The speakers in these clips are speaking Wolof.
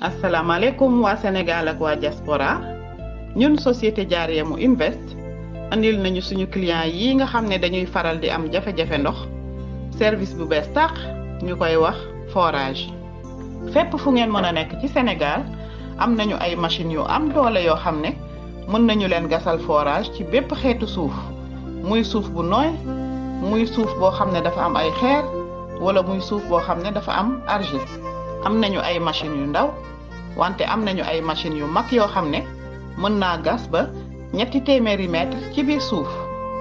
asalaamaaleykum waa Sénégal ak waa diaspora ñun société Diarra Mou Invest andil nañu suñu client yi nga xam ne dañuy faral di am jafe-jafe ndox service bu bees tàq ñu koy wax forage fépp fu ngeen mën a nekk ci Sénégal am nañu ay machines yu am doole yoo xam ne mën nañu leen gasal forage ci bépp xeetu suuf muy suuf bu nooy muy suuf boo xam ne dafa am ay xeer wala muy suuf boo xam ne dafa am argile am nañu ay machines yu ndaw wante am nañu ay machines yu mag yoo xam ne mën naa gas ba ñetti téeméeri mètre ci biir suuf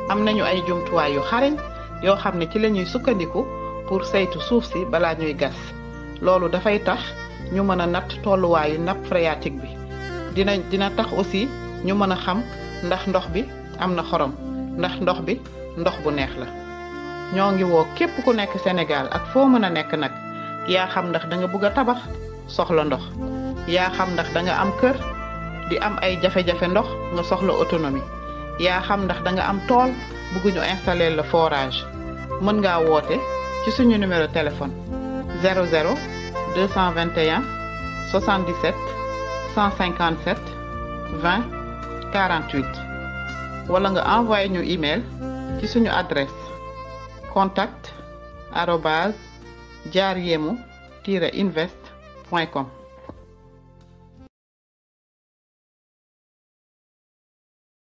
am nañu ay jumtuwaay yu xarañ yoo xam ne ci la ñuy sukkandiku pour saytu suuf si balaa ñuy gas loolu dafay tax ñu mën a natt tolluwaayu nappe phréatique bi dina dina tax aussi ñu mën a xam ndax ndox bi am na xorom ndax ndox bi ndox bu neex la ñoo ngi woo képp ku nekk Sénégal ak foo mën a nekk nag yaa xam ndax danga bugg a tabax soxla ndox yaa xam ndax da nga am kër di am ay jafe-jafe ndox nga soxla autonomie yaa xam ndax da am tool installer le forage mën ngaa woote ci suñu numéro téléphone 00 221 77 157 20 48 wala nga envoyé ñu email ci suñu adresse contact diariemu investcom